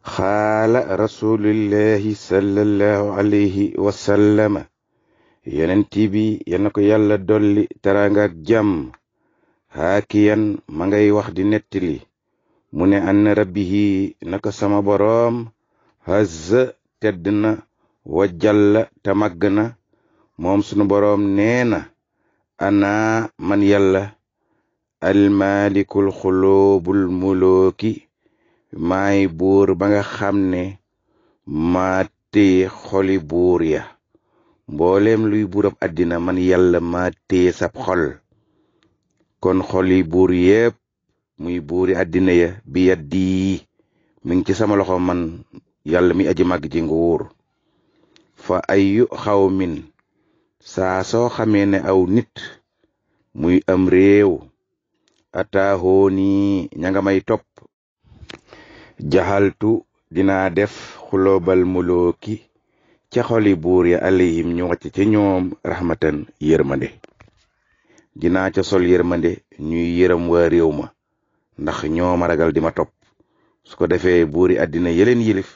xaala rasulillahi sallallahu alayhi wa sallama yonent bi ko yàlla dolli teraanga ak jàmm haakiyan ma ngay wax di nettali mu ne anna rabbihi naka sama boroom hazza tedd na wa jalla te màgg na moom sunu boroom nee na man yàlla almalikul xuluubul mulooki maay buur ba nga xam ne ma téye xoli buur ya mboolem luy buurab àddina man yàlla ma téye sab xol kon xoli buur yépp muy buuri àddina ya bi yaddi mi ngi ci sama loxo man yàlla mi aji màgg ji nguur fa ay yu xaw min saa soo xamee ne aw nit muy am réew ataaxoo nii ña nga may topp jaxaltu dinaa def xuloobal mulooki ca xoli buur ya alayhim ñu wàcc ca ñoom rahmatan yërmande dinaa ca sol yërmande ñuy yëram waa réew ma ndax ñoo ma ragal di ma topp su ko defee buuri àddina yeleen yilif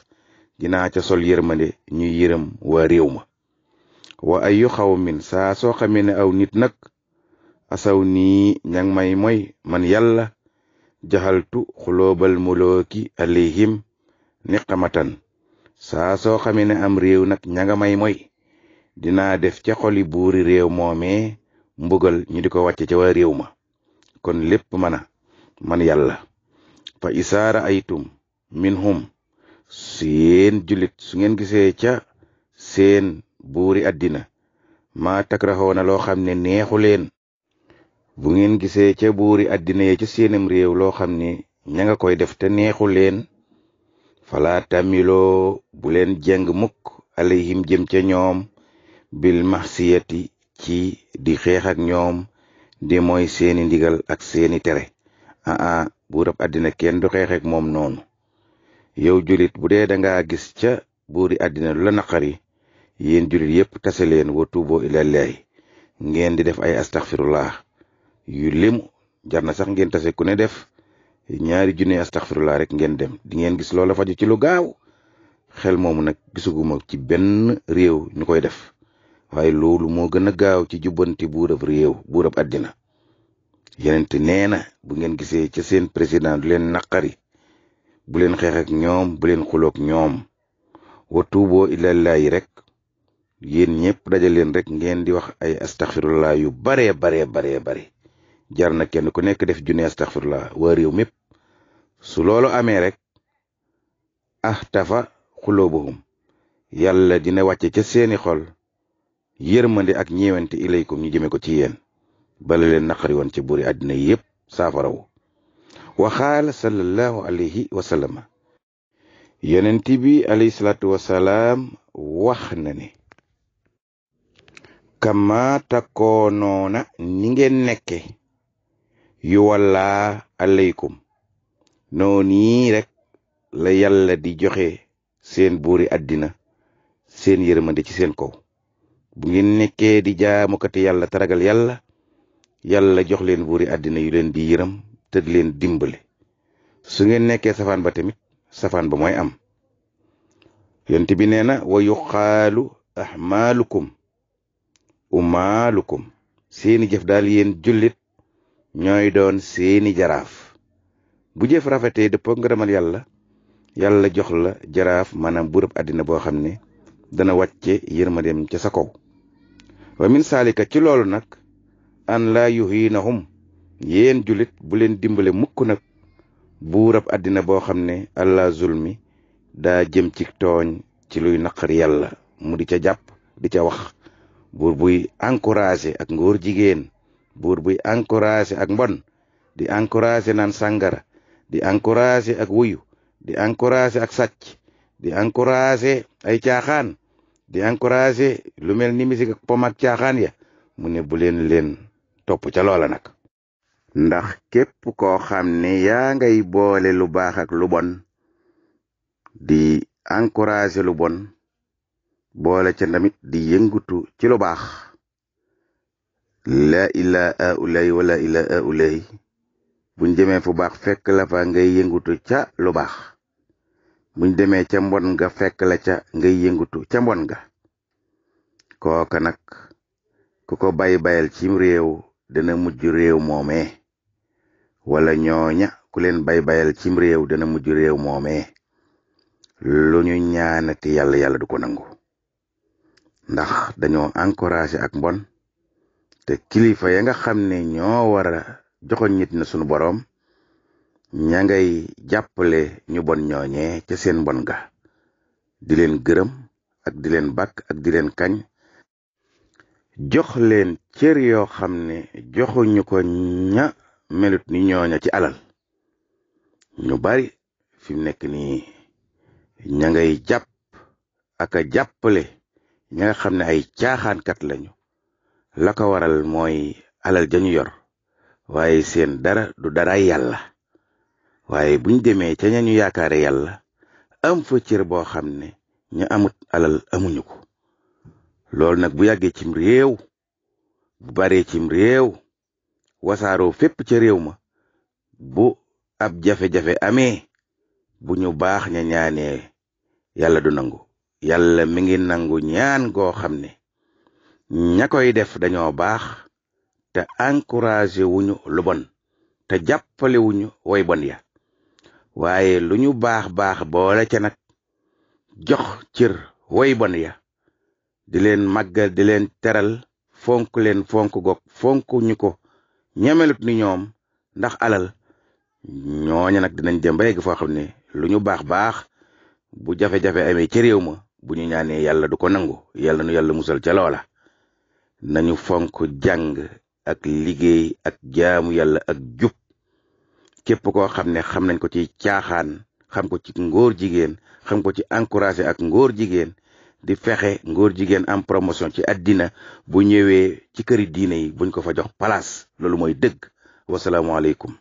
dinaa ca sol yërmande ñuy yëram waa réew ma wa ayu xaw min saa soo xamee ne aw nit nag asaw nii ñang may mooy man yalla jaxaltu xulóobal mulooki alayhim niqamatan saa soo xamee ne am réew nag ña nga may moy dinaa def ca xoli buuri réew moomee mbugal ñu di ko wàcce ca waa réew ma kon lépp mana man yàlla fa isaara aytum minhum seen jullit su ngeen gisee ca seen buuri àddina maa takrahoona loo xam ne neexu leen bu ngeen gisee ca buuri àddina yi ca seenam réew loo xam ni ña nga koy def te neexu leen falaa tamiloo bu leen jeng mukk alayhim jëm ca ñoom bil maxsiyati ci di xeex ak ñoom di mooy seeni ndigal ak seeni tere aa buurab àddina kenn du xeex moom noonu yow julit bu dee nga gis ca buur i àddina lu la naqari yéen julit yépp tase leen wa tuuboo ilallahi ngeen di def ay astaxfirullah yu limu jar na sax ngeen tase ku ne def ñaari junne astaxfirullah rek ngeen dem di ngeen gis loola faju ci lu gaaw xel moomu nag gisuguma ci benn réew ñu koy def waaye loolu moo gën a gaaw ci jubbanti buurab réew buurab àddina yeneen te nee na bu ngeen gisee ca seen président du leen naqari bu leen xeex ak ñoom bu leen xulook ñoom wa tuuboo ilallaahi rek yéen ñëpp dajaleen rek ngeen di wax ay astaxfirullah yu baree baree baree bare jar na kenn ku nekk def junne astaxfirullah waa réew mépp su loolu amee rek ah tafa xuloobuhum yàlla dina wàcce ca seeni xol yërmande ak ñeewante ilaykum ñu jëme ko ci yéen bala leen naqari woon ci buri àddina yépp saafarawu waxaala sallallahu alayhi wa sallama yonent bi alayhi salaatu wax na ne kama takoonoona ni ngeen nekke yu wallaa aleykum noonu yi rek la yalla di joxe seen buuri àddina seen yërmande ci seen kaw bu ngeen nekkee di jaamukati yàlla taragal yàlla yàlla jox leen buuri àddina yu leen di yërëm te di leen dimbale su ngeen nekkee safaan ba tamit safaan ba mooy am yonent bi nee na wa yuqaalu ahmaalukum umaalukum seeni jëf daal yéen jullit ñooy doon seeni jaraaf bu jëf rafetee dëppoo ngërëmal yàlla yàlla jox la jaraaf maanaam burëb àddina boo xam ne dana wàcce yërmandeem ca sa kaw wa min saalika ci loolu nag an laa yuhiinahum yéen julit bu leen dimbale mukk nag buurab àddina boo xam ne allah zulmi daa jëm ci tooñ ci luy naqari yàlla mu di ca jàpp di ca wax buur buy encouragé ak ngóor jigéen buur buy encouragé ak mbon di encouragé naan sangara di encouragé ak wuyu di encouragé ak sàcc di encouragé ay caaxaan di encouragé lu mel ni misik ak pom ak caaxaan ya mu ne bu leen leen topp ca loola nag ndax képp koo xam ne yaa ngay boole lu baax ak lu bon di encouragé lu bon boole ca ndamit di yëngutu ci lu baax laa ilaa aulay wala ilaa aulay buñ demee fu baax fekk la fa ngay yëngutu ca lu baax buñ demee ca mbon ga fekk la ca ngay yëngutu ca mbon ga kooka nag ku ko bàyyi bayal cim réew dana mujj réew moomee wala ñooña ku leen bay bayel cim réew dana mujj réew moomee lu ñu ñaanati yàlla yàlla du ko nangu ndax dañoo encorager ak mbon te kilifa ya nga xam ne ñoo war a nit na sunu boroom ña ngay jàppale ñu bon ñooñee ca seen bon di leen gërëm ak di leen bàkk ak di leen kañ jox leen cër yoo xam ne joxuñu ko ña melut ni ñooña ci alal ñu bari fi nekk nii ña ngay jàpp ak a jàppale ña nga xam ne ay caaxaankat lañu la ko waral mooy alal ja ñu yor waaye seen dara du dara yàlla waaye buñ demee ca ña ñu yaakaare yàlla am fa cër boo xam ne ñu amut alal amuñu ko loolu nag bu yàggee cim réew bu baree cim réew wasaaroo fépp ca réew ma bu ab jafe-jafe amee bu ñu baax ña ñaanee yàlla du nangu yàlla mi ngi nangu ñaan goo xam ne ña koy def dañoo baax te encouragé wuñu lu bon te jàppalewuñu way bon ya waaye lu ñu baax baax boole ce nag jox cër way ya di leen màggal di leen teral fonk leen fonk gog fonk ñu ko ñemelut ni ñoom ndax alal ñooña nag dinañ dem ba yegg foo xam ne lu ñu baax baax bu jafe-jafe amee ca réew ma bu ñu ñaanee yàlla du ko nangu yàlla nu yàlla musal ca loola nañu fonk jàng ak liggéey ak jaamu yàlla ak jub képp koo xam ne xam nañ ko ci caaxaan xam ko ci ngóor jigéen xam ko ci encouragé ak ngóor jigéen di fexe ngóor jigéen am promotion ci àddina bu ñëwee ci këri diine yi buñ ko fa jox palace loolu mooy dëgg wasalaamualeykum